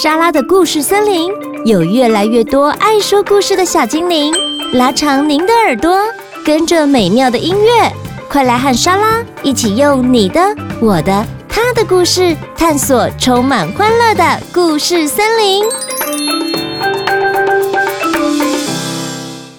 莎拉的故事森林有越來越多愛說故事的小精靈，拉長您的耳朵，跟着美妙的音樂，快來和莎拉一起用你的、我的、他的故事，探索充滿歡樂的故事森林。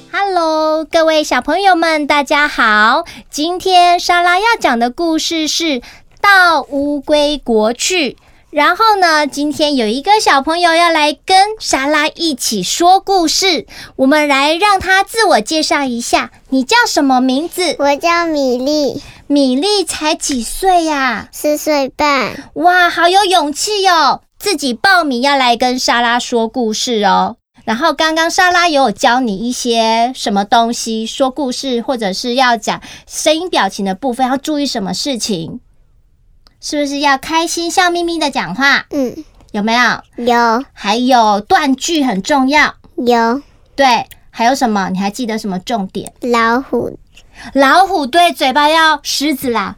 Hello，各位小朋友們，大家好！今天莎拉要講的故事是《到烏龜國去》。然後呢，今天有一個小朋友要來跟莎拉一起說故事，我們來讓他自我介紹一下。你叫什麼名字？我叫米立。米立才幾歲呀、啊？四歲半。哇，好有勇氣喲、哦！自己報名要來跟莎拉說故事哦。然後剛剛莎拉也有教你一些什麼東西？說故事或者是要講聲音、表情的部分，要注意什麼事情？是不是要開心笑眯眯的講話？嗯，有沒有？有，還有斷句很重要。有，對，還有什麼？你還記得什麼重點？老虎，老虎對嘴巴要獅子啦，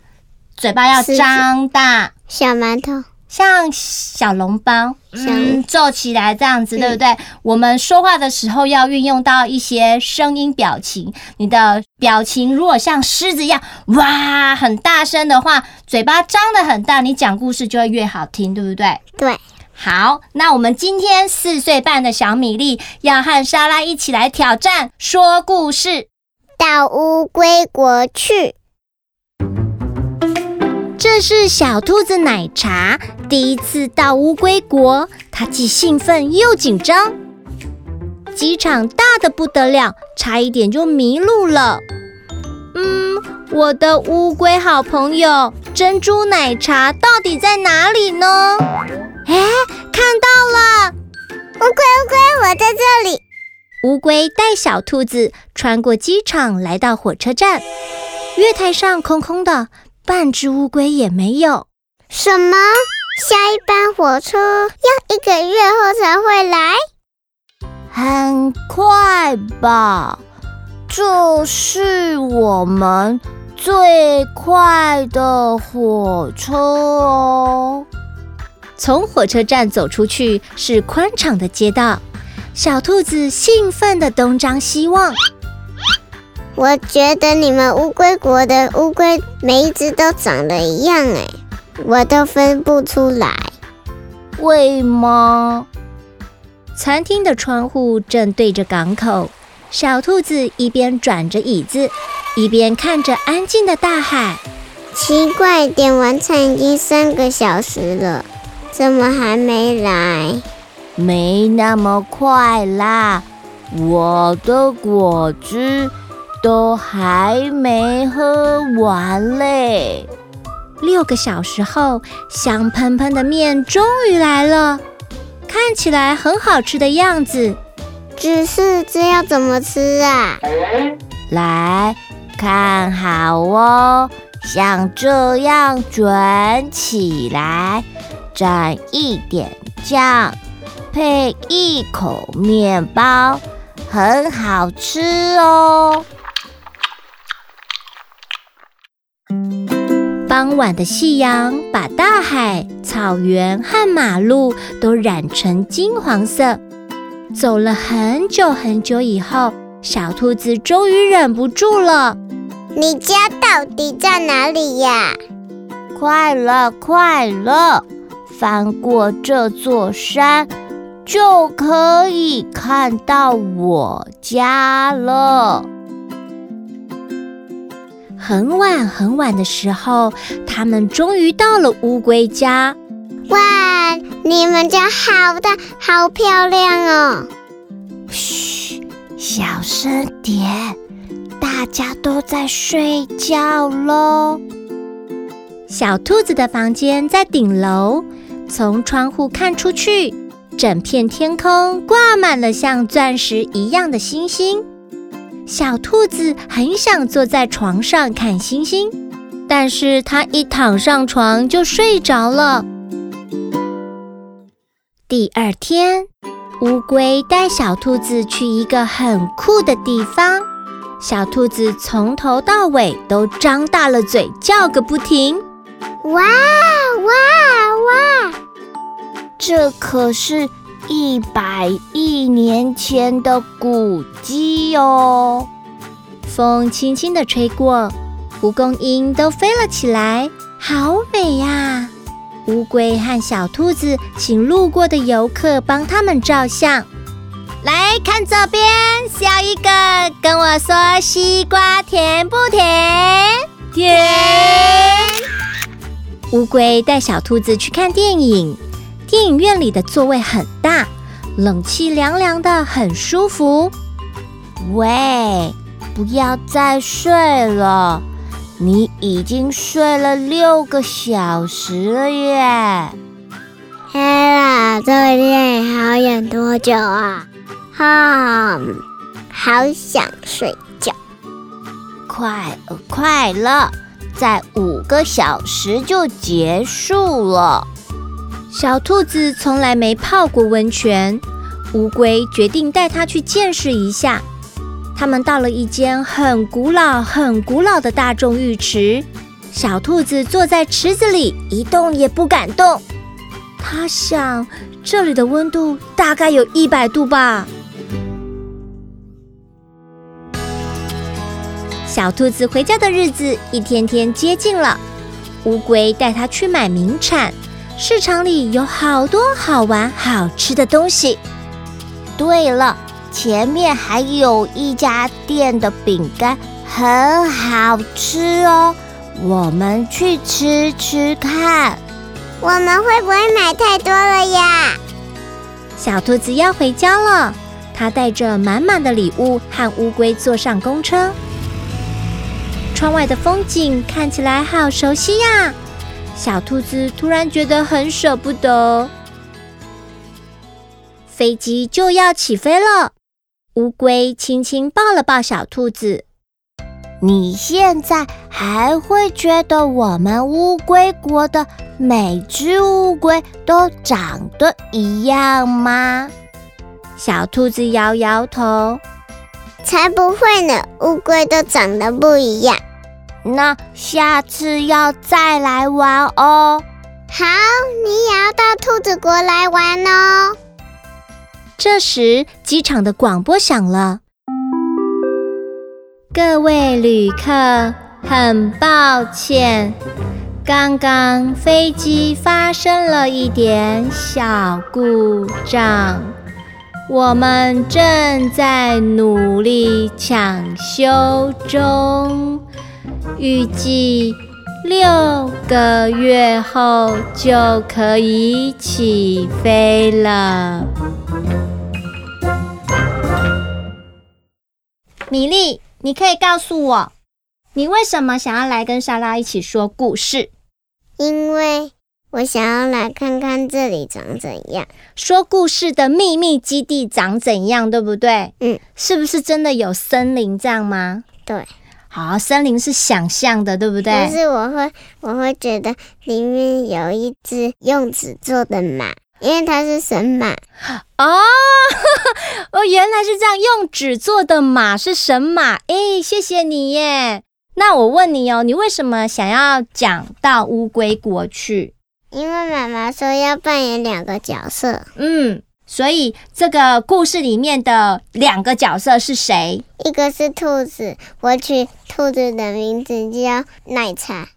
嘴巴要張大。小饅頭。像小籠包，嗯，坐像起來這樣子，嗯、對不對？對。我們說話的時候要運用到一些聲音表情。你的表情如果像獅子一樣，哇，很大聲的話，嘴巴張得很大，你講故事就會越好聽，對不對？對。好，那我們今天四歲半的小米粒要和莎拉一起來挑戰說故事，《到烏龜國》去。這是小兔子奶茶第一次到烏龜國，它既興奮又緊張。機場大得不得了，差一點就迷路了。嗯，我的烏龜好朋友珍珠奶茶到底在哪裡呢？哎，看到了！烏龜，烏龜，我在這裡。烏龜帶小兔子穿過機場，來到火車站。月台上空空的。半只烏龜也沒有。什麼？下一班火車要一個月後才會來？很快吧！這是我們最快的火車哦。從火車站走出去是寬敞的街道，小兔子興奮的東張西望。我覺得你們烏龜國的烏龜每一隻都長得一樣哎，我都分不出來，會嗎貓？餐廳的窗戶正對着港口，小兔子一邊轉着椅子，一邊看着安靜的大海。奇怪點，點完菜已經三個小時了，怎麼還沒來？沒那麼快啦，我的果汁。都還沒喝完嘞！六個小時後，香噴噴的面終於來了，看起來很好吃的樣子。只是這樣怎麼吃啊？來，看好哦，像這樣卷起來，蘸一點醬，配一口面包，很好吃哦。傍晚的夕陽把大海、草原和馬路都染成金黃色。走了很久很久以後，小兔子終於忍不住了：“你家到底在哪裡呀？”“裡呀快了，快了，翻過這座山就可以看到我家了。”很晚很晚的時候，他們終於到了烏龜家。哇，你們家好大，好漂亮哦！噓，小聲點，大家都在睡覺嘍。小兔子的房間在頂樓，從窗戶看出去，整片天空掛滿了像鑽石一樣的星星。小兔子很想坐在床上看星星，但是它一躺上床就睡着了。第二天，烏龜帶小兔子去一個很酷的地方，小兔子從頭到尾都張大了嘴，叫個不停：“哇哇哇！哇哇這可是……”一百億年前的古蹟哦，風輕輕的吹過，蒲公英都飛了起來，好美呀！啊！烏龜和小兔子請路過的遊客幫他們照相。來看這邊，笑一個，跟我說西瓜甜不甜？甜、甜。烏龜帶小兔子去看電影。電影院裡的座位很大，冷氣涼涼的，很舒服。喂，不要再睡了，你已經睡了六個小時了耶！哎呀，這電影還要演多久啊？哈、啊，好想睡覺。快，快了，再五個小時就結束了。小兔子從來沒泡過溫泉，烏龜決定帶它去見識一下。他們到了一間很古老、很古老的大眾浴池，小兔子坐在池子裡，一動也不敢動。他想，這裡的溫度大概有一百度吧。小兔子回家的日子一天天接近了，烏龜帶它去買名產。市場裡有好多好玩、好吃的東西。對了，前面還有一家店的餅乾很好吃哦，我們去吃吃看。我們會不會買太多了呀？小兔子要回家了，它帶着滿滿的禮物和烏龜坐上公車。窗外的風景看起來好熟悉呀。小兔子突然覺得很捨不得，飛機就要起飛了。烏龜輕輕抱了抱小兔子：“你現在還會覺得我們烏龜國的每隻烏龜都長得一樣嗎？”小兔子搖搖頭：“才不會呢，烏龜都長得不一樣。”那下次要再來玩哦。好，你也要到兔子國來玩哦。這時，機場的廣播響了。各位旅客，很抱歉，剛剛飛機發生了一點小故障，我們正在努力搶修中。預計六個月後就可以起飛了。米立，你可以告訴我，你為什麼想要來跟莎拉一起說故事？因為我想要來看看這裡長怎樣。說故事的秘密基地長怎樣，對不對？嗯，是不是真的有森林這樣嗎？對。好、哦，森林是想象的，對不對？可是，我會，我會覺得裡面有一隻用紙做的馬，因為它是神馬哦呵呵。原來是這樣，用紙做的馬是神馬。哎，謝謝你耶。那我問你哦，你為什麼想要講到烏龜國去？因為媽媽說要扮演兩個角色。嗯。所以，這個故事裡面的兩個角色是誰？一個是兔子，我取兔子的名字叫奶茶。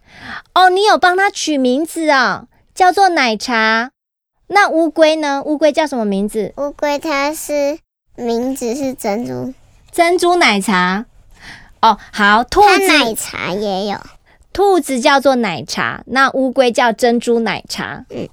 哦，你有幫它取名字啊，哦，叫做奶茶。那烏龜呢？烏龜叫什麼名字？烏龜它是名字是珍珠，珍珠奶茶。哦，好，兔子奶茶也有，兔子叫做奶茶，那烏龜叫珍珠奶茶。嗯。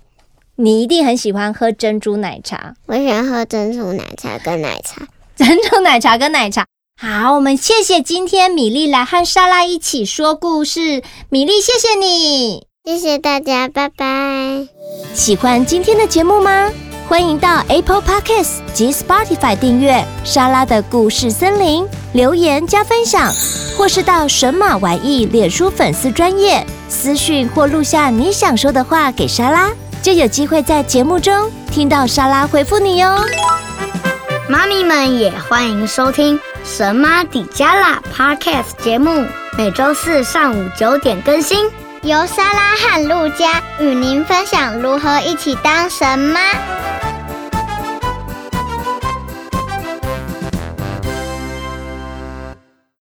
你一定很喜歡喝珍珠奶茶。我喜歡喝珍珠奶茶跟奶茶，珍珠奶茶跟奶茶。好，我們謝謝今天米立來和莎拉一起說故事。米立，謝謝你，謝謝大家，拜拜。喜歡今天的節目嗎？歡迎到 Apple Podcast 及 Spotify 訂閱莎拉的故事森林，留言加分享，或是到神馬玩藝臉書粉絲專頁，私訊或錄下你想說的話給莎拉。就有機會在節目中聽到莎拉回復你喲、哦。媽咪們也歡迎收聽《神媽底加拉》Podcast 節目，每周四上午九點更新，由莎拉和路加與您分享如何一起當神媽。